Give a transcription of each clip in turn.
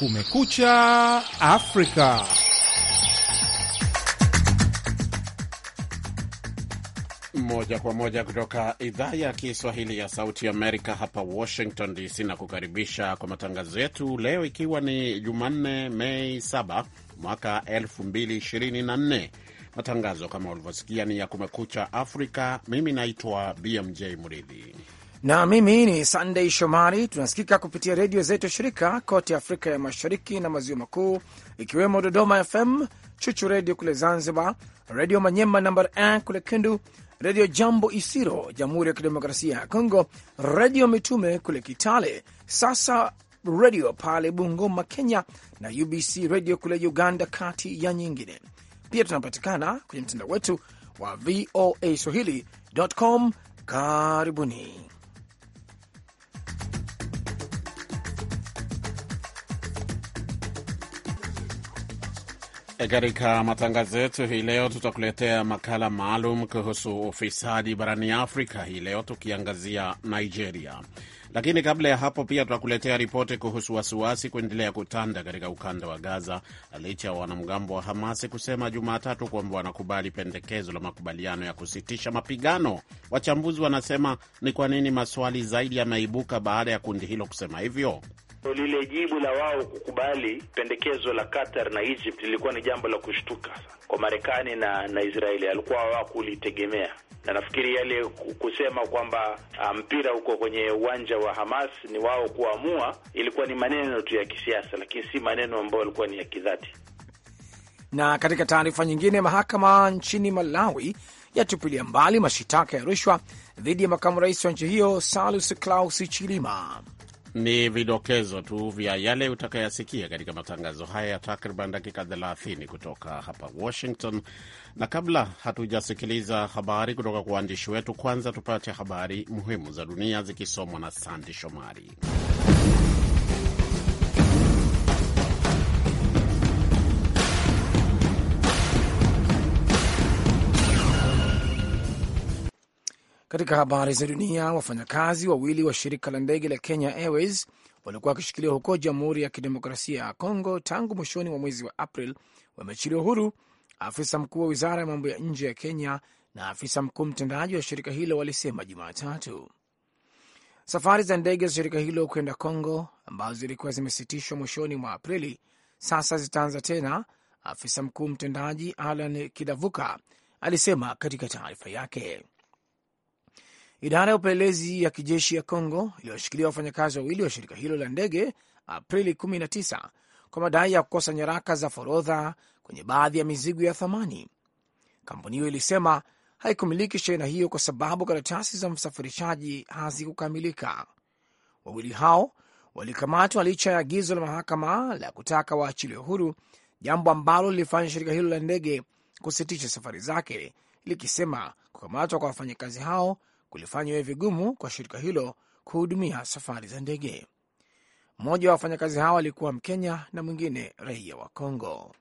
Kumekucha Afrika. Moja kwa moja kutoka idhaa ya Kiswahili ya Sauti Amerika hapa Washington DC, na kukaribisha kwa matangazo yetu leo, ikiwa ni Jumanne Mei 7 mwaka 2024. Matangazo kama ulivyosikia ni ya Kumekucha Afrika. Mimi naitwa BMJ Muridhi na mimi ni Sandey Shomari. Tunasikika kupitia redio zetu shirika kote Afrika ya Mashariki na Maziwa Makuu, ikiwemo Dodoma FM, Chuchu Redio kule Zanzibar, Redio Manyema namba a kule Kindu, Redio Jambo Isiro, Jamhuri ya Kidemokrasia ya Kongo, Redio Mitume kule Kitale, Sasa Redio pale Bungoma, Kenya, na UBC Redio kule Uganda, kati ya nyingine. Pia tunapatikana kwenye mtandao wetu wa VOA Swahili.com. Karibuni. Katika matangazo yetu hii leo tutakuletea makala maalum kuhusu ufisadi barani Afrika hii leo tukiangazia Nigeria. Lakini kabla ya hapo pia tutakuletea ripoti kuhusu wasiwasi kuendelea kutanda katika ukanda wa Gaza licha ya wanamgambo wa Hamasi kusema Jumatatu kwamba wanakubali pendekezo la makubaliano ya kusitisha mapigano. Wachambuzi wanasema ni kwa nini maswali zaidi yameibuka baada ya kundi hilo kusema hivyo. Lile jibu la wao kukubali pendekezo la Qatar na Egypt lilikuwa ni jambo la kushtuka kwa Marekani na na Israeli, alikuwa hawakulitegemea, na nafikiri yale kusema kwamba ah, mpira uko kwenye uwanja wa Hamas ni wao kuamua, ilikuwa ni maneno tu ya kisiasa, lakini si maneno ambayo yalikuwa ni ya kidhati. Na katika taarifa nyingine, mahakama nchini Malawi yatupilia mbali mashitaka ya rushwa dhidi ya makamu rais wa nchi hiyo Salus Klaus Chilima. Ni vidokezo tu vya yale utakayasikia katika matangazo haya ya takriban dakika 30 kutoka hapa Washington. Na kabla hatujasikiliza habari kutoka kwa waandishi wetu, kwanza tupate habari muhimu za dunia zikisomwa na Sandi Shomari. Katika habari za dunia, wafanyakazi wawili wa shirika la ndege la Kenya Airways waliokuwa wakishikiliwa huko Jamhuri ya Kidemokrasia ya Kongo tangu mwishoni mwa mwezi wa April wameachiliwa huru, afisa mkuu wa wizara ya mambo ya nje ya Kenya na afisa mkuu mtendaji wa shirika hilo walisema Jumatatu. Safari za ndege za shirika hilo kwenda Kongo ambazo zilikuwa zimesitishwa mwishoni mwa Aprili sasa zitaanza tena, afisa mkuu mtendaji Alan Kidavuka alisema katika taarifa yake. Idara ya upelelezi ya kijeshi ya congo iliwashikilia wafanyakazi wawili wa shirika hilo la ndege Aprili 19 kwa madai ya kukosa nyaraka za forodha kwenye baadhi ya mizigo ya thamani. Kampuni hiyo ilisema haikumiliki shehena hiyo kwa sababu karatasi za msafirishaji hazikukamilika. Wawili hao walikamatwa licha ya agizo la mahakama la kutaka waachiliwe huru, jambo ambalo lilifanya shirika hilo la ndege kusitisha safari zake, likisema kukamatwa kwa wafanyakazi hao kulifanya iwe vigumu kwa shirika hilo kuhudumia safari za ndege. Mmoja wa wafanyakazi hao alikuwa Mkenya na mwingine raia wa congo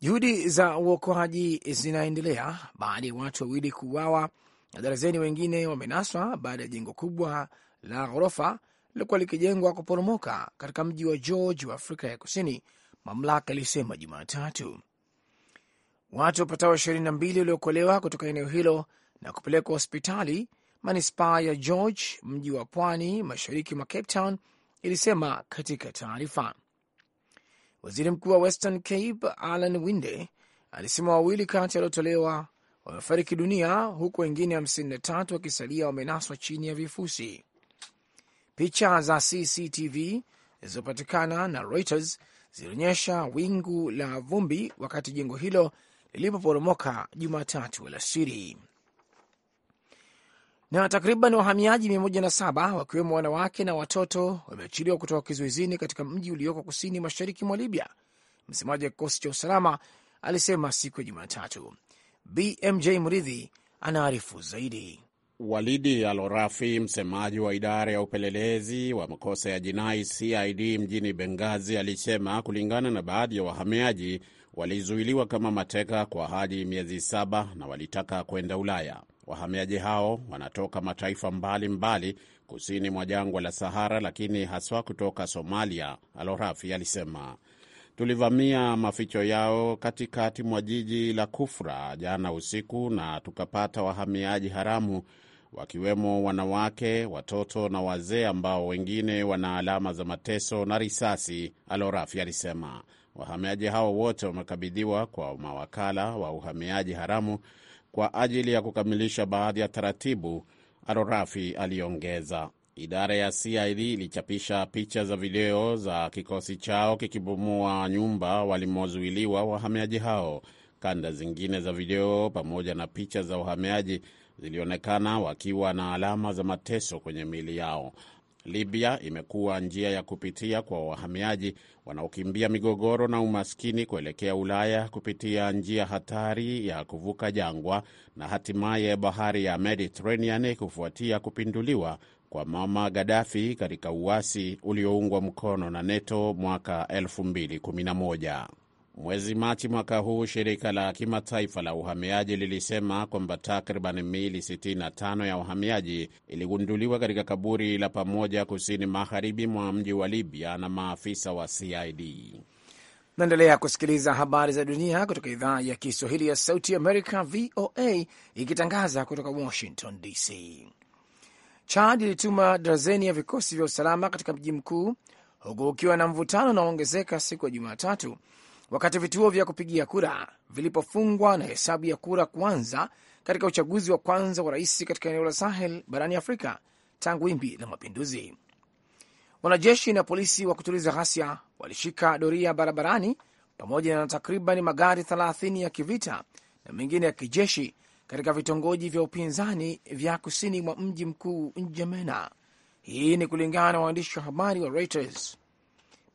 Juhudi za uokoaji zinaendelea baada ya watu wawili kuuawa na darazeni wengine wamenaswa baada ya jengo kubwa la ghorofa lilikuwa likijengwa kuporomoka katika mji wa George wa Afrika ya Kusini, mamlaka ilisema Jumatatu. Watu wapatao ishirini na mbili waliokolewa kutoka eneo hilo na kupelekwa hospitali manispaa ya George, mji wa pwani mashariki mwa Cape Town, ilisema katika taarifa. Waziri mkuu wa Western Cape Alan Winde alisema wawili kati waliotolewa wamefariki dunia huku wengine 53 wakisalia wamenaswa chini ya vifusi. Picha za CCTV zilizopatikana na Reuters zilionyesha wingu la vumbi wakati jengo hilo lilipoporomoka Jumatatu alasiri. Na takriban wahamiaji 107 wakiwemo wanawake na watoto wameachiliwa kutoka kizuizini katika mji ulioko kusini mashariki mwa Libya, msemaji wa kikosi cha usalama alisema siku ya Jumatatu. BMJ Mridhi anaarifu zaidi. Walidi Alorafi, msemaji wa idara ya upelelezi wa makosa ya jinai CID mjini Bengazi, alisema kulingana na baadhi ya wahamiaji walizuiliwa kama mateka kwa hadi miezi saba na walitaka kwenda Ulaya. Wahamiaji hao wanatoka mataifa mbalimbali mbali kusini mwa jangwa la Sahara, lakini haswa kutoka Somalia, Alorafi alisema. Tulivamia maficho yao katikati mwa jiji la Kufra jana usiku na tukapata wahamiaji haramu wakiwemo wanawake, watoto na wazee ambao wengine wana alama za mateso na risasi, Alorafi alisema. Wahamiaji hao wote wamekabidhiwa kwa mawakala wa uhamiaji haramu kwa ajili ya kukamilisha baadhi ya taratibu, Arorafi aliongeza. Idara ya CID ilichapisha picha za video za kikosi chao kikibomoa nyumba walimozuiliwa wahamiaji hao. Kanda zingine za video pamoja na picha za wahamiaji zilionekana wakiwa na alama za mateso kwenye miili yao. Libya imekuwa njia ya kupitia kwa wahamiaji wanaokimbia migogoro na umaskini kuelekea Ulaya kupitia njia hatari ya kuvuka jangwa na hatimaye bahari ya Mediterranean kufuatia kupinduliwa kwa mama Gaddafi katika uasi ulioungwa mkono na NATO mwaka 2011. Mwezi Machi mwaka huu shirika la kimataifa la uhamiaji lilisema kwamba takriban miili 65 ya wahamiaji iligunduliwa katika kaburi la pamoja kusini magharibi mwa mji wa Libya na maafisa wa CID. Naendelea kusikiliza habari za dunia kutoka idhaa ya Kiswahili ya Sauti Amerika, VOA, ikitangaza kutoka Washington DC. Chad ilituma darazeni ya vikosi vya usalama katika mji mkuu huku ukiwa na mvutano unaoongezeka siku ya Jumatatu wakati vituo vya kupigia kura vilipofungwa na hesabu ya kura kuanza katika uchaguzi wa kwanza wa rais katika eneo la Sahel barani Afrika tangu wimbi la mapinduzi. Wanajeshi na polisi wa kutuliza ghasia walishika doria barabarani pamoja na takriban magari 30 ya kivita na mengine ya kijeshi katika vitongoji vya upinzani vya kusini mwa mji mkuu Njamena. Hii ni kulingana na waandishi wa habari wa Reuters.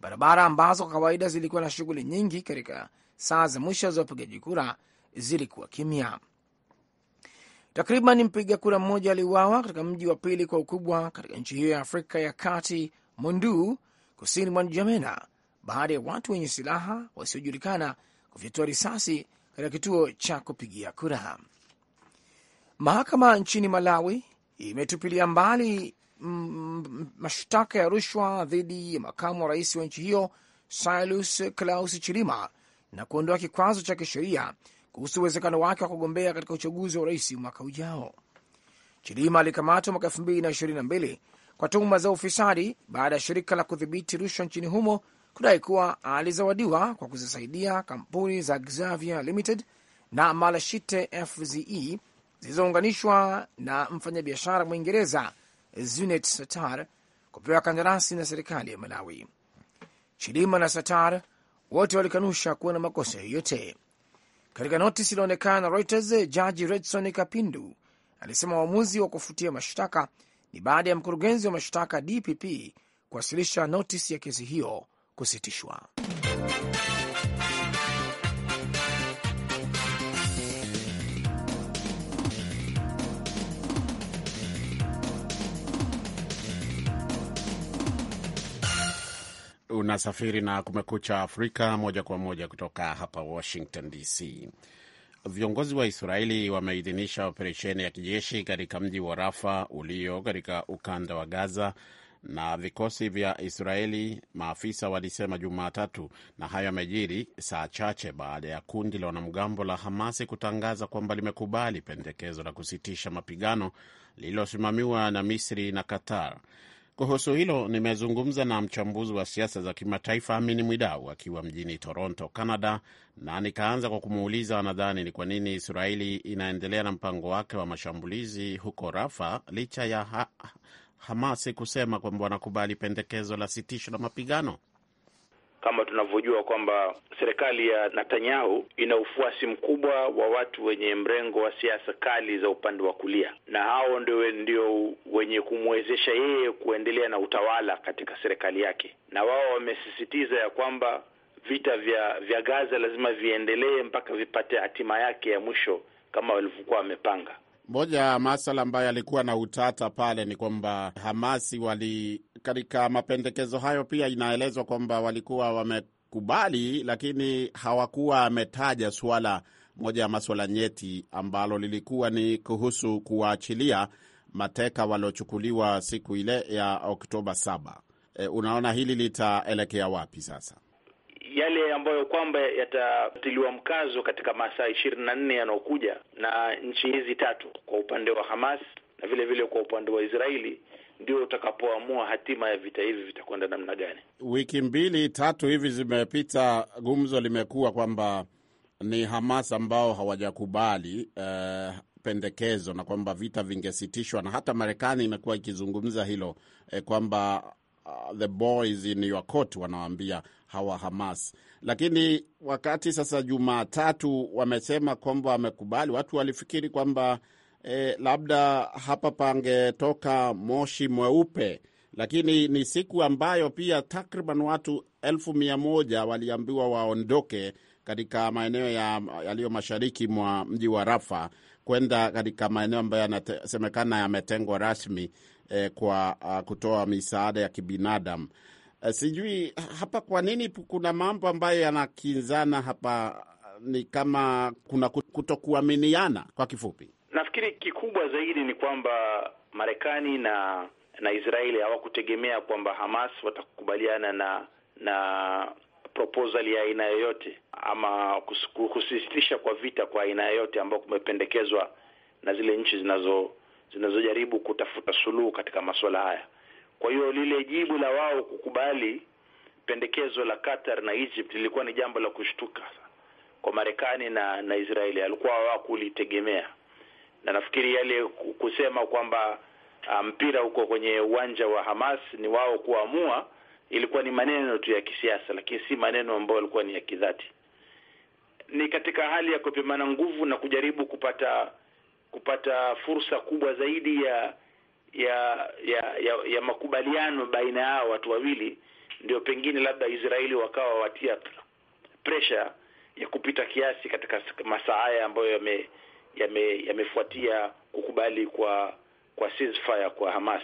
Barabara ambazo kwa kawaida zilikuwa na shughuli nyingi katika saa za mwisho za upigaji kura zilikuwa kimya. Takriban mpiga kura mmoja aliuawa katika mji wa pili kwa ukubwa katika nchi hiyo ya Afrika ya Kati, mundu kusini mwa Njamena, baada ya watu wenye silaha wasiojulikana kufyatua risasi katika kituo cha kupigia kura. Mahakama nchini Malawi imetupilia mbali mashtaka ya rushwa dhidi ya makamu wa rais wa nchi hiyo Silus Klaus Chilima na kuondoa kikwazo cha kisheria kuhusu uwezekano wake wa kugombea katika uchaguzi wa urais mwaka ujao. Chilima alikamatwa mwaka 2022 kwa tuhuma za ufisadi baada ya shirika la kudhibiti rushwa nchini humo kudai kuwa alizawadiwa kwa kuzisaidia kampuni za Xavier Limited na Malashite FZE zilizounganishwa na mfanyabiashara Mwingereza Zunet Satar kupewa kandarasi na serikali ya Malawi. Chilima na Satar wote walikanusha kuwa na makosa yoyote. Katika notisi ilionekana na Reuters, jaji Redson Kapindu alisema uamuzi wa kufutia mashtaka ni baada ya mkurugenzi wa mashtaka DPP kuwasilisha notisi ya kesi hiyo kusitishwa. Unasafiri na Kumekucha Afrika moja kwa moja kutoka hapa Washington DC. Viongozi wa Israeli wameidhinisha operesheni ya kijeshi katika mji wa Rafa ulio katika ukanda wa Gaza na vikosi vya Israeli, maafisa walisema Jumatatu. Na hayo yamejiri saa chache baada ya kundi la wanamgambo la Hamasi kutangaza kwamba limekubali pendekezo la kusitisha mapigano lililosimamiwa na Misri na Qatar. Kuhusu hilo nimezungumza na mchambuzi wa siasa za kimataifa Amini Mwidau akiwa mjini Toronto, Canada, na nikaanza kwa kumuuliza anadhani ni kwa nini Israeli inaendelea na mpango wake wa mashambulizi huko Rafa licha ya ha Hamasi kusema kwamba wanakubali pendekezo la sitisho la mapigano kama tunavyojua kwamba serikali ya Netanyahu ina ufuasi mkubwa wa watu wenye mrengo wa siasa kali za upande wa kulia, na hao ndio ndio wenye kumwezesha yeye kuendelea na utawala katika serikali yake, na wao wamesisitiza ya kwamba vita vya vya Gaza lazima viendelee mpaka vipate hatima yake ya mwisho kama walivyokuwa wamepanga. Moja ya masala ambayo alikuwa na utata pale ni kwamba Hamasi wali katika mapendekezo hayo pia inaelezwa kwamba walikuwa wamekubali, lakini hawakuwa ametaja swala moja ya maswala nyeti ambalo lilikuwa ni kuhusu kuwaachilia mateka waliochukuliwa siku ile ya Oktoba saba. E, unaona hili litaelekea wapi sasa? yale ambayo kwamba yatatiliwa mkazo katika masaa ishirini na nne yanayokuja na nchi hizi tatu kwa upande wa Hamas na vile vile kwa upande wa Israeli ndio utakapoamua hatima ya vita hivi vitakwenda namna gani. Wiki mbili tatu hivi zimepita, gumzo limekuwa kwamba ni Hamas ambao hawajakubali uh, pendekezo na kwamba vita vingesitishwa, na hata Marekani imekuwa ikizungumza hilo eh, kwamba uh, the boys in your wanawaambia hawa Hamas. Lakini wakati sasa Jumatatu wamesema kwamba wamekubali, watu walifikiri kwamba e, labda hapa pangetoka moshi mweupe, lakini ni siku ambayo pia takriban watu elfu mia moja waliambiwa waondoke katika maeneo yaliyo mashariki mwa mji wa Rafa kwenda katika maeneo ambayo yanasemekana yametengwa rasmi eh, kwa uh, kutoa misaada ya kibinadamu. Eh, sijui hapa kwa nini kuna mambo ambayo yanakinzana hapa, ni kama kuna kutokuaminiana. Kwa kifupi, nafikiri kikubwa zaidi ni kwamba Marekani na na Israeli hawakutegemea kwamba Hamas watakubaliana na na proposal ya aina yoyote ama kusisitisha kwa vita kwa aina yoyote ambayo kumependekezwa na zile nchi zinazo zinazojaribu kutafuta suluhu katika masuala haya. Kwa hiyo lile jibu la wao kukubali pendekezo la Qatar na Egypt lilikuwa ni jambo la kushtuka kwa Marekani na na Israeli, alikuwa hawakulitegemea, na nafikiri yale kusema kwamba ah, mpira uko kwenye uwanja wa Hamas ni wao kuamua, ilikuwa ni maneno tu ya kisiasa, lakini si maneno ambayo yalikuwa ni ya kidhati. Ni katika hali ya kupimana nguvu na kujaribu kupata kupata fursa kubwa zaidi ya ya ya ya, ya makubaliano baina yao watu wawili, ndio pengine labda Israeli wakawa watia presha ya kupita kiasi katika masaa haya ambayo yame yamefuatia yame kukubali kwa kwa ceasefire kwa Hamas,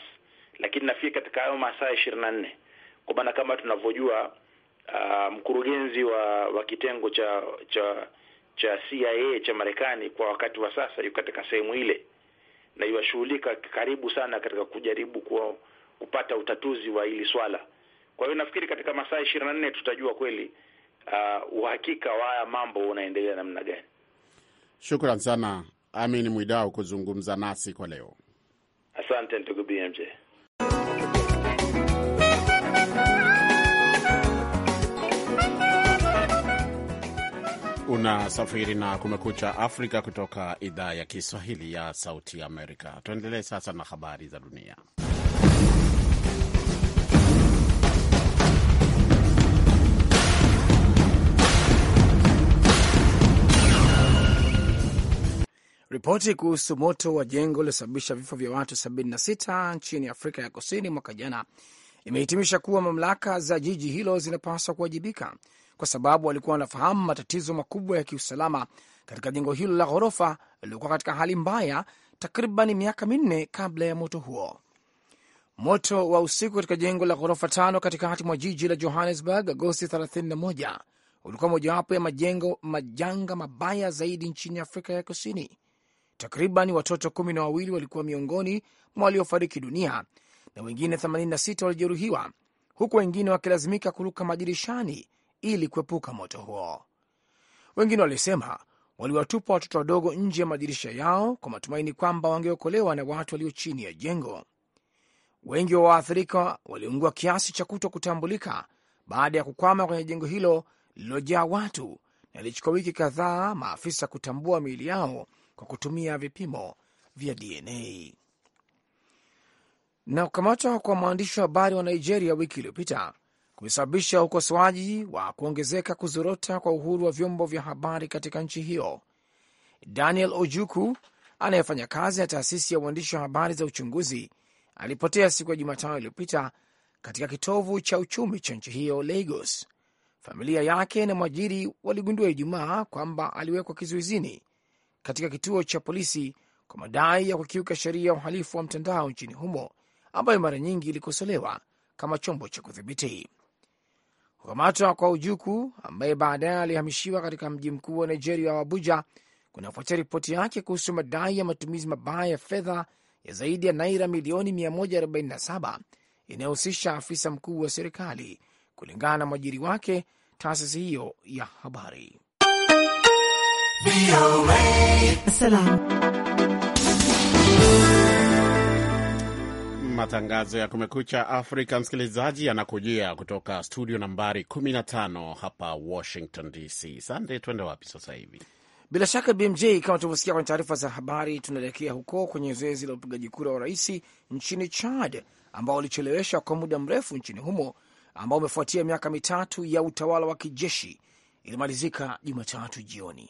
lakini nafikiri katika hayo masaa ishirini na nne kwa maana kama tunavyojua uh, mkurugenzi wa wa kitengo cha cha cha CIA cha Marekani kwa wakati wa sasa yuko katika sehemu ile na iwashughulika karibu sana katika kujaribu kwa kupata utatuzi wa hili swala. Kwa hiyo nafikiri katika masaa ishirini na nne tutajua kweli uh, uhakika wa haya mambo unaendelea namna gani. Shukran sana Amin Mwidau kuzungumza nasi kwa leo. Asante ndugu BMJ. Unasafiri na Kumekucha Afrika kutoka idhaa ya Kiswahili ya Sauti Amerika. Tuendelee sasa na habari za dunia. Ripoti kuhusu moto wa jengo lilosababisha vifo vya watu 76 nchini Afrika ya Kusini mwaka jana imehitimisha kuwa mamlaka za jiji hilo zinapaswa kuwajibika kwa sababu walikuwa wanafahamu matatizo makubwa ya kiusalama katika jengo hilo la ghorofa lililokuwa katika hali mbaya takriban miaka minne kabla ya moto huo. Moto wa usiku katika jengo la ghorofa tano katikati mwa jiji la Johannesburg Agosti 31 ulikuwa mojawapo ya majengo majanga mabaya zaidi nchini Afrika ya Kusini. Takriban watoto kumi na wawili walikuwa miongoni mwa waliofariki dunia na wengine 86 walijeruhiwa, huku wengine wakilazimika kuruka madirishani ili kuepuka moto huo. Wengine walisema waliwatupa watoto wadogo nje ya madirisha yao kwa matumaini kwamba wangeokolewa na watu walio chini ya jengo. Wengi wa waathirika waliungua kiasi cha kuto kutambulika baada ya kukwama kwenye jengo hilo lililojaa watu, na ilichukua wiki kadhaa maafisa kutambua miili yao kwa kutumia vipimo vya DNA. Na kukamatwa kwa mwandishi wa habari wa Nigeria wiki iliyopita kumesababisha ukosoaji wa kuongezeka kuzorota kwa uhuru wa vyombo vya habari katika nchi hiyo. Daniel Ojuku anayefanya kazi na taasisi ya uandishi wa habari za uchunguzi alipotea siku ya Jumatano iliyopita katika kitovu cha uchumi cha nchi hiyo Lagos. Familia yake na mwajiri waligundua Ijumaa kwamba aliwekwa kizuizini katika kituo cha polisi kwa madai ya kukiuka sheria ya uhalifu wa mtandao nchini humo ambayo mara nyingi ilikosolewa kama chombo cha kudhibiti. Kukamatwa kwa Ujuku ambaye baadaye alihamishiwa katika mji mkuu wa Nigeria wa Abuja kunafuatia ripoti yake kuhusu madai ya matumizi mabaya ya fedha ya zaidi ya naira milioni 147 inayohusisha afisa mkuu wa serikali, kulingana na mwajiri wake, taasisi hiyo ya habari. Salam. Matangazo ya Kumekucha Afrika, msikilizaji, yanakujia kutoka studio nambari 15 hapa Washington DC. Sande, twende wapi sasa hivi? Bila shaka BMJ, kama tulivyosikia kwenye taarifa za habari, tunaelekea huko kwenye zoezi la upigaji kura wa rais nchini Chad ambao walicheleweshwa kwa muda mrefu nchini humo, ambao umefuatia miaka mitatu ya utawala wa kijeshi, ilimalizika Jumatatu jioni.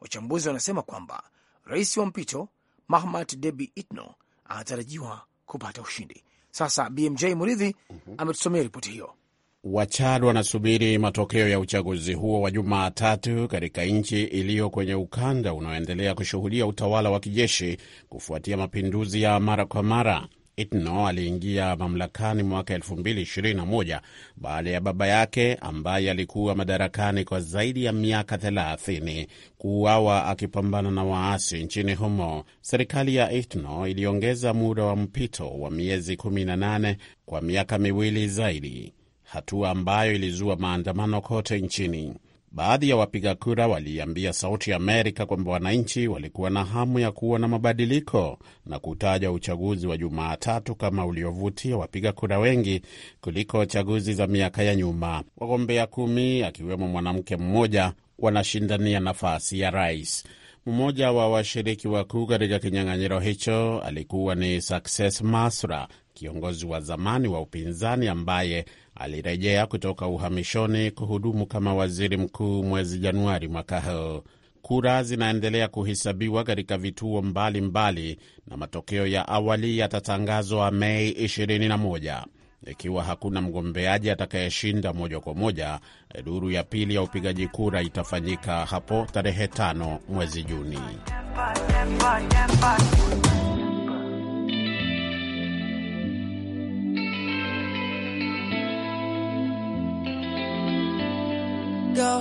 Wachambuzi wanasema kwamba rais wa mpito mahmad Debi Itno anatarajiwa kupata ushindi. Sasa BMJ Muridhi mhm. ametusomea ripoti hiyo. Wachad wanasubiri matokeo ya uchaguzi huo wa Jumatatu katika nchi iliyo kwenye ukanda unaoendelea kushuhudia utawala wa kijeshi kufuatia mapinduzi ya mara kwa mara. Itno aliingia mamlakani mwaka 2021 baada ya baba yake ambaye alikuwa madarakani kwa zaidi ya miaka 30 kuuawa akipambana na waasi nchini humo. Serikali ya Itno iliongeza muda wa mpito wa miezi 18 kwa miaka miwili zaidi, hatua ambayo ilizua maandamano kote nchini. Baadhi ya wapiga kura waliiambia Sauti ya Amerika kwamba wananchi walikuwa na hamu ya kuona mabadiliko na kutaja uchaguzi wa Jumatatu kama uliovutia wapiga kura wengi kuliko chaguzi za miaka ya nyuma. Wagombea kumi akiwemo mwanamke mmoja wanashindania nafasi ya rais. Mmoja wa washiriki wakuu katika kinyang'anyiro hicho alikuwa ni Success Masra, kiongozi wa zamani wa upinzani ambaye alirejea kutoka uhamishoni kuhudumu kama waziri mkuu mwezi Januari mwaka huu. Kura zinaendelea kuhesabiwa katika vituo mbalimbali mbali, na matokeo ya awali yatatangazwa Mei 21. Ikiwa hakuna mgombeaji atakayeshinda moja kwa moja, duru ya pili ya upigaji kura itafanyika hapo tarehe tano mwezi Juni. go.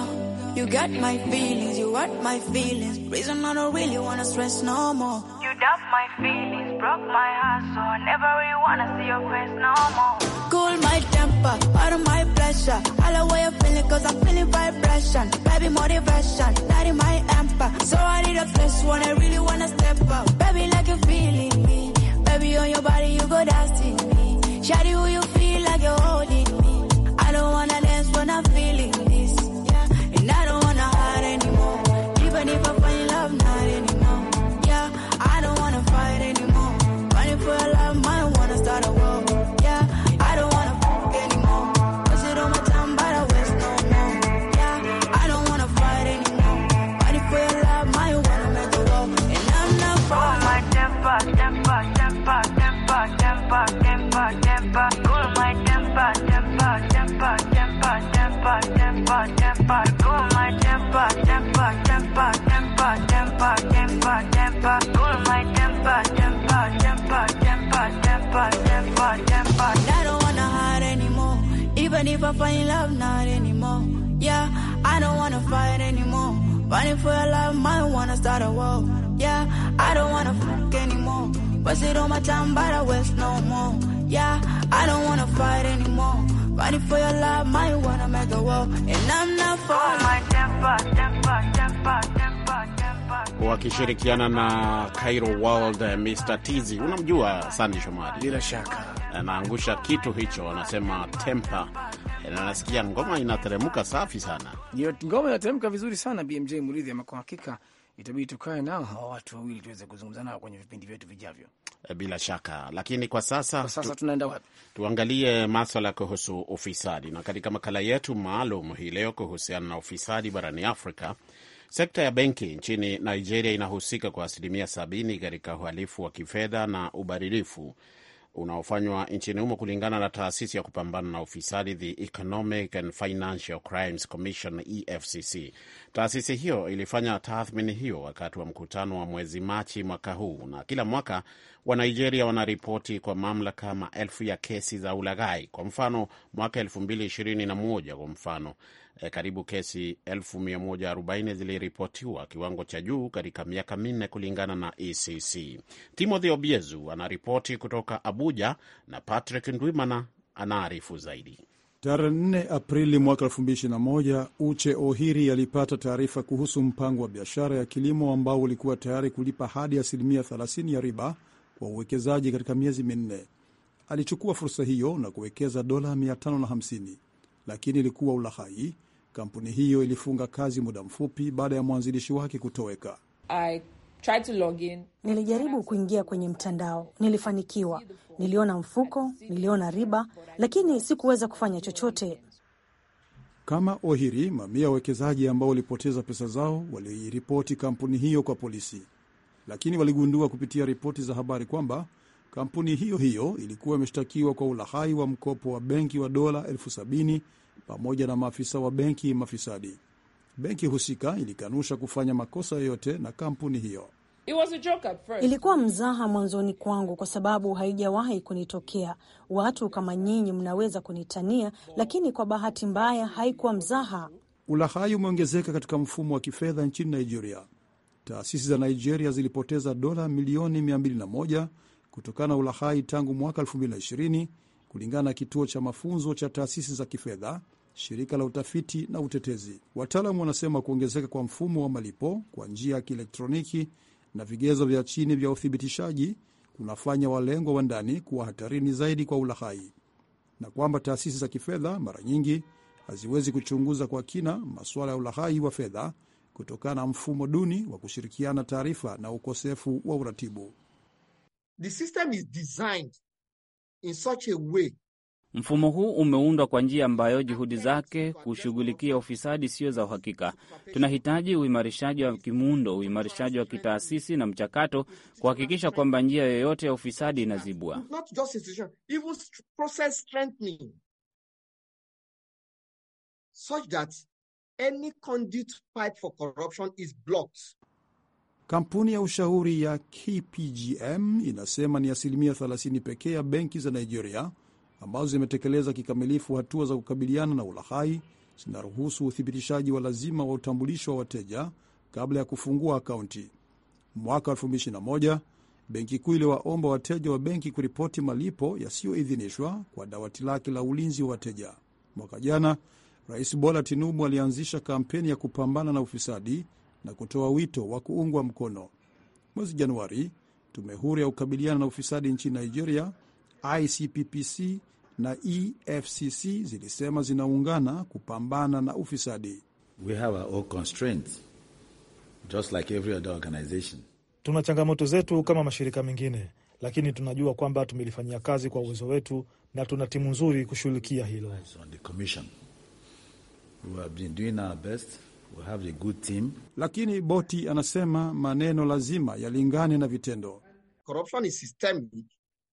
You got my feelings, you hurt my feelings. Reason I don't really wanna stress no more. You dump my feelings, broke my heart, so I never really wanna see your face no more. Cool my temper, out of my pressure. I love what you're feeling, cause I'm feeling vibration. Baby, motivation, that in my amper. So I need a fresh one, I really wanna step up. Baby, like you're feeling me. Baby, on your body, you go dancing me. Shawty, temper, go my temper, temper, temper, temper, temper, temper, temper, go my temper, temper, temper, temper, temper, temper, temper. I don't wanna hide anymore, even if I fall in love, not anymore. Yeah, I don't wanna fight anymore. Fighting for your love, might wanna start a war. Yeah, I don't wanna fuck anymore. Wasted all my time, but I waste no more. Yeah, I don't wanna fight anymore. Fighting for your love, my wanna make a wall, and I'm not for oh, my temper, temper, temper, temper, Wakishirikiana na Cairo World, eh, Mr. Tizi, unamjua Sandy Shomari, bila shaka anaangusha kitu hicho, anasema tempa, eh, na nasikia ngoma inateremka safi sana. ngoma inateremka vizuri sana BMJ Muridhi, ama kwa hakika itabidi tukae nao hawa watu wawili tuweze kuzungumza nao kwenye vipindi vyetu vijavyo. Eh, bila shaka, lakini kwa sasa, kwa sasa tu, tunaenda wapi? Tuangalie maswala kuhusu ufisadi, na katika makala yetu maalum hii leo kuhusiana na ufisadi barani Afrika, sekta ya benki nchini Nigeria inahusika kwa asilimia sabini katika uhalifu wa kifedha na ubadhirifu unaofanywa nchini humo kulingana na taasisi ya kupambana na ufisadi, the Economic and Financial Crimes Commission, EFCC. Taasisi hiyo ilifanya tathmini hiyo wakati wa mkutano wa mwezi Machi mwaka huu, na kila mwaka wa Nigeria wanaripoti kwa mamlaka maelfu ya kesi za ulaghai. Kwa mfano mwaka 2021 kwa mfano E, karibu kesi 1140 ziliripotiwa, kiwango cha juu katika miaka minne, kulingana na ECC. Timothy Obiezu anaripoti kutoka Abuja na Patrick Ndwimana anaarifu zaidi. Tarehe 4 Aprili mwaka 2021 Uche Ohiri alipata taarifa kuhusu mpango wa biashara ya kilimo ambao ulikuwa tayari kulipa hadi asilimia 30 ya riba kwa uwekezaji katika miezi minne. Alichukua fursa hiyo na kuwekeza dola 550, lakini ilikuwa ulahai Kampuni hiyo ilifunga kazi muda mfupi baada ya mwanzilishi wake kutoweka. I tried to log in. Nilijaribu kuingia kwenye mtandao, nilifanikiwa. Niliona mfuko, niliona riba, lakini sikuweza kufanya chochote. Kama Ohiri, mamia ya wawekezaji ambao walipoteza pesa zao waliiripoti kampuni hiyo kwa polisi, lakini waligundua kupitia ripoti za habari kwamba Kampuni hiyo hiyo ilikuwa imeshtakiwa kwa ulahai wa mkopo wa benki wa dola elfu sabini pamoja na maafisa wa benki mafisadi. Benki husika ilikanusha kufanya makosa yoyote na kampuni hiyo. Ilikuwa mzaha mwanzoni kwangu, kwa sababu haijawahi kunitokea. Watu kama nyinyi mnaweza kunitania, lakini kwa bahati mbaya haikuwa mzaha. Ulahai umeongezeka katika mfumo wa kifedha nchini Nigeria. Taasisi za Nigeria zilipoteza dola milioni 201 kutokana na ulahai tangu mwaka 2020 kulingana na kituo cha mafunzo cha taasisi za kifedha, shirika la utafiti na utetezi. Wataalamu wanasema kuongezeka kwa mfumo wa malipo kwa njia ya kielektroniki na vigezo vya chini vya uthibitishaji kunafanya walengwa wa ndani kuwa hatarini zaidi kwa ulahai, na kwamba taasisi za kifedha mara nyingi haziwezi kuchunguza kwa kina masuala ya ulahai wa fedha kutokana na mfumo duni wa kushirikiana taarifa na ukosefu wa uratibu. The system is designed in such a way. Mfumo huu umeundwa kwa njia ambayo juhudi zake kushughulikia ufisadi sio za uhakika. Tunahitaji uimarishaji wa kimuundo, uimarishaji wa kitaasisi na mchakato kuhakikisha kwamba njia yoyote ya ufisadi inazibwa. Kampuni ya ushauri ya KPGM inasema ni asilimia 30 pekee ya benki za Nigeria ambazo zimetekeleza kikamilifu hatua za kukabiliana na ulahai zinaruhusu uthibitishaji wa lazima wa utambulisho wa wateja kabla ya kufungua akaunti. Mwaka 2021 benki kuu iliwaomba wateja wa benki kuripoti malipo yasiyoidhinishwa kwa dawati lake la ulinzi wa wateja. Mwaka jana Rais Bola Tinubu alianzisha kampeni ya kupambana na ufisadi na kutoa wito wa kuungwa mkono. Mwezi Januari, tume huru ya kukabiliana na ufisadi nchini Nigeria, ICPPC na EFCC zilisema zinaungana kupambana na ufisadi. We have our own constraints, just like every other organization. Tuna changamoto zetu kama mashirika mengine, lakini tunajua kwamba tumelifanyia kazi kwa uwezo wetu na tuna timu nzuri kushughulikia hilo we'll have a good team. Lakini Boti anasema maneno lazima yalingane na vitendo. Corruption is systemic,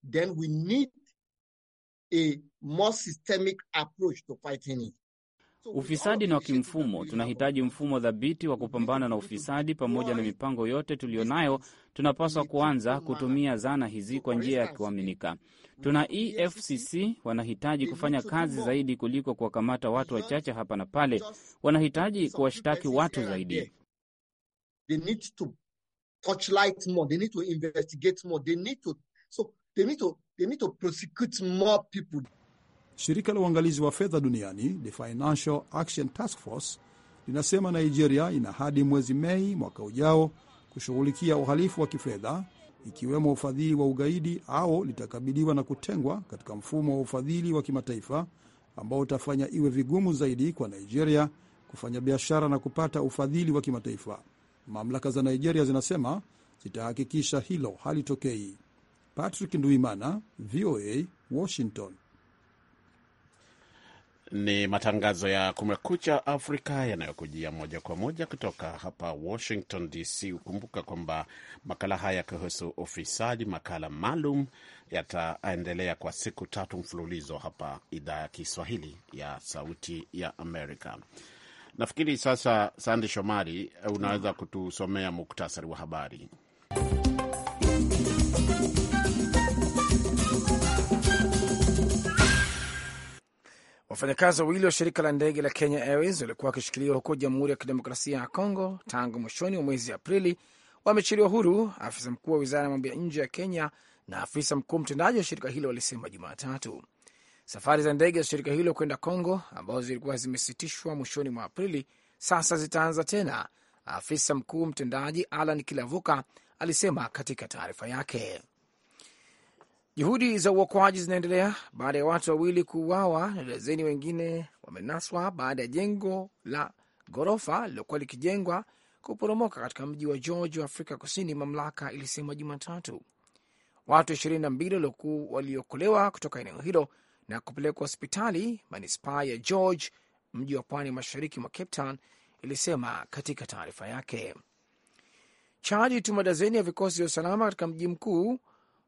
then we need a more systemic approach to fighting it. Ufisadi ni wa kimfumo. Tunahitaji mfumo dhabiti wa kupambana na ufisadi. Pamoja na mipango yote tuliyonayo, tunapaswa kuanza kutumia zana hizi kwa njia ya kuaminika. Tuna EFCC wanahitaji kufanya kazi zaidi kuliko kuwakamata watu wachache hapa na pale. Wanahitaji kuwashtaki watu zaidi. They need to Shirika la uangalizi wa fedha duniani The Financial Action Task Force linasema Nigeria ina hadi mwezi Mei mwaka ujao kushughulikia uhalifu wa kifedha ikiwemo ufadhili wa ugaidi au litakabiliwa na kutengwa katika mfumo wa ufadhili wa kimataifa ambao utafanya iwe vigumu zaidi kwa Nigeria kufanya biashara na kupata ufadhili wa kimataifa. Mamlaka za Nigeria zinasema zitahakikisha hilo halitokei. Patrick Nduimana, VOA, Washington. Ni matangazo ya Kumekucha Afrika yanayokujia moja kwa moja kutoka hapa Washington DC. Ukumbuka kwamba makala haya kuhusu ufisadi, makala maalum, yataendelea kwa siku tatu mfululizo hapa idhaa ya Kiswahili ya Sauti ya Amerika. Nafikiri sasa, sandi Shomari, unaweza kutusomea muktasari wa habari. Wafanyakazi wawili wa shirika la ndege la Kenya Airways waliokuwa wakishikiliwa huko Jamhuri ya Kidemokrasia ya Kongo tangu mwishoni mwa mwezi Aprili wameachiliwa huru, afisa mkuu wa wizara ya mambo ya nje ya Kenya na afisa mkuu mtendaji wa shirika hilo walisema Jumatatu. Safari za ndege za shirika hilo kwenda Kongo ambazo zilikuwa zimesitishwa mwishoni mwa Aprili sasa zitaanza tena, afisa mkuu mtendaji Alan Kilavuka alisema katika taarifa yake. Juhudi za uokoaji zinaendelea baada ya watu wawili kuuawa na dazeni wengine wamenaswa baada ya jengo la ghorofa lilokuwa likijengwa kuporomoka katika mji wa George wa Afrika Kusini, mamlaka ilisema Jumatatu. Watu 22 waliokolewa kutoka eneo hilo na kupelekwa hospitali manispaa ya George, mji wa pwani mashariki mwa Cape Town, ilisema katika taarifa yake. Chad ituma dazeni ya vikosi vya usalama katika mji mkuu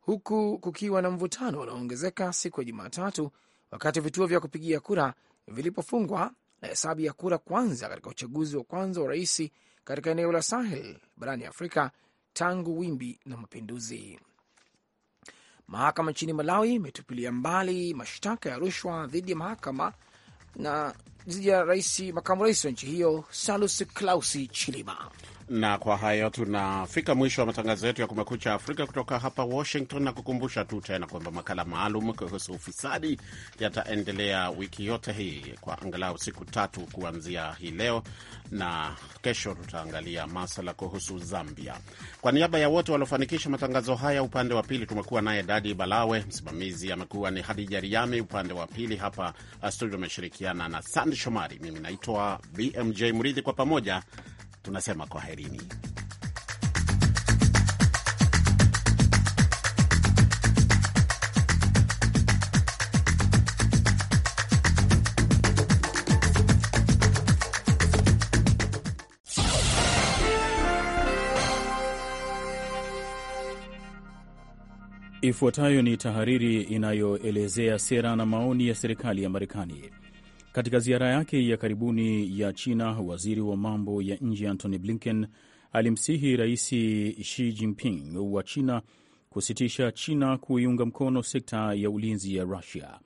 huku kukiwa na mvutano unaoongezeka siku ya Jumatatu wakati vituo vya kupigia kura vilipofungwa na hesabu ya kura kwanza katika uchaguzi wa kwanza wa rais katika eneo la Sahel barani Afrika tangu wimbi la mapinduzi. Mahakama nchini Malawi imetupilia mbali mashtaka ya rushwa dhidi ya mahakama na dhidi ya rais, makamu rais wa nchi hiyo Salus Klausi Chilima na kwa hayo tunafika mwisho wa matangazo yetu ya Kumekucha Afrika kutoka hapa Washington, na kukumbusha tu tena kwamba makala maalum kuhusu ufisadi yataendelea wiki yote hii kwa angalau siku tatu kuanzia hii leo, na kesho tutaangalia masala kuhusu Zambia. Kwa niaba ya wote waliofanikisha matangazo haya, upande wa pili tumekuwa naye Dadi Balawe, msimamizi amekuwa ni Hadija Riami, upande wa pili hapa studio ameshirikiana na Sandi Shomari. Mimi naitwa BMJ Mridhi, kwa pamoja tunasema kwaherini. Ifuatayo ni tahariri inayoelezea sera na maoni ya serikali ya Marekani. Katika ziara yake ya karibuni ya China, waziri wa mambo ya nje Antony Blinken alimsihi Rais Xi Jinping wa China kusitisha China kuiunga mkono sekta ya ulinzi ya Rusia.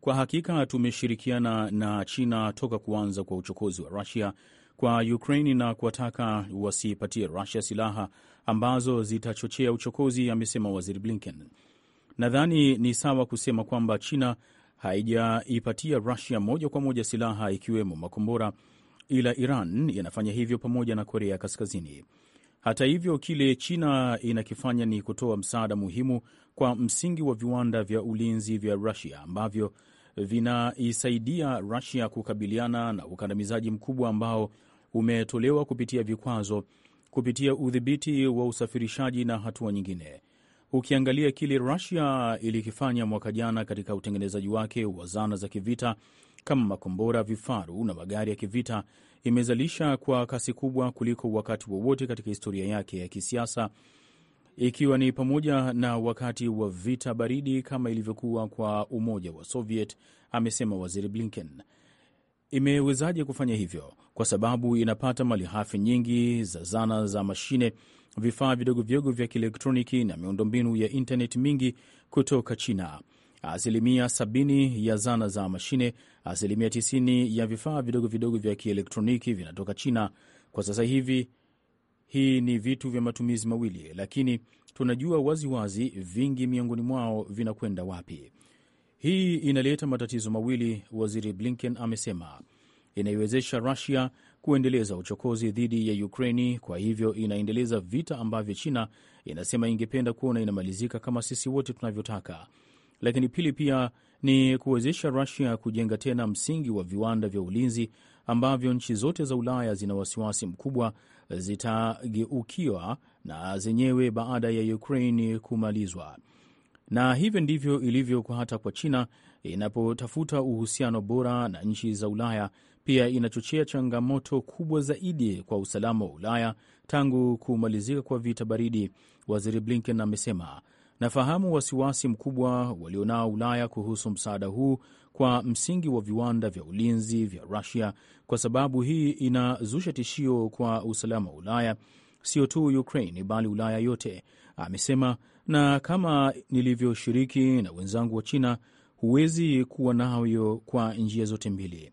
Kwa hakika tumeshirikiana na China toka kuanza kwa uchokozi wa Rusia kwa Ukraini na kuwataka wasipatie Rusia silaha ambazo zitachochea uchokozi, amesema waziri Blinken. Nadhani ni sawa kusema kwamba China haijaipatia Rusia moja kwa moja silaha ikiwemo makombora, ila Iran inafanya hivyo pamoja na Korea Kaskazini. Hata hivyo, kile China inakifanya ni kutoa msaada muhimu kwa msingi wa viwanda vya ulinzi vya Rusia ambavyo vinaisaidia Rusia kukabiliana na ukandamizaji mkubwa ambao umetolewa kupitia vikwazo, kupitia udhibiti wa usafirishaji na hatua nyingine ukiangalia kile Rusia ilikifanya mwaka jana katika utengenezaji wake wa zana za kivita kama makombora, vifaru na magari ya kivita, imezalisha kwa kasi kubwa kuliko wakati wowote katika historia yake ya kisiasa, ikiwa ni pamoja na wakati wa vita baridi kama ilivyokuwa kwa Umoja wa Soviet, amesema Waziri Blinken. Imewezaje kufanya hivyo? Kwa sababu inapata malighafi nyingi za zana za mashine vifaa vidogo vidogo vya kielektroniki na miundombinu ya intaneti mingi kutoka China. Asilimia 70 ya zana za mashine, asilimia 90 ya vifaa vidogo vidogo vya kielektroniki vinatoka China kwa sasa hivi. Hii ni vitu vya matumizi mawili, lakini tunajua waziwazi wazi vingi miongoni mwao vinakwenda wapi. Hii inaleta matatizo mawili, Waziri Blinken amesema, inaiwezesha Rusia kuendeleza uchokozi dhidi ya Ukraini. Kwa hivyo inaendeleza vita ambavyo China inasema ingependa kuona inamalizika kama sisi wote tunavyotaka. Lakini pili, pia ni kuwezesha Rusia kujenga tena msingi wa viwanda vya ulinzi ambavyo nchi zote za Ulaya zina wasiwasi mkubwa zitageukiwa na zenyewe baada ya Ukraini kumalizwa. Na hivyo ndivyo ilivyo hata kwa China inapotafuta uhusiano bora na nchi za Ulaya pia inachochea changamoto kubwa zaidi kwa usalama wa Ulaya tangu kumalizika kwa vita baridi, Waziri Blinken amesema. Nafahamu wasiwasi mkubwa walionao Ulaya kuhusu msaada huu kwa msingi wa viwanda vya ulinzi vya Rusia, kwa sababu hii inazusha tishio kwa usalama wa Ulaya, sio tu Ukraine bali Ulaya yote, amesema. Na kama nilivyoshiriki na wenzangu wa China, huwezi kuwa nayo kwa njia zote mbili.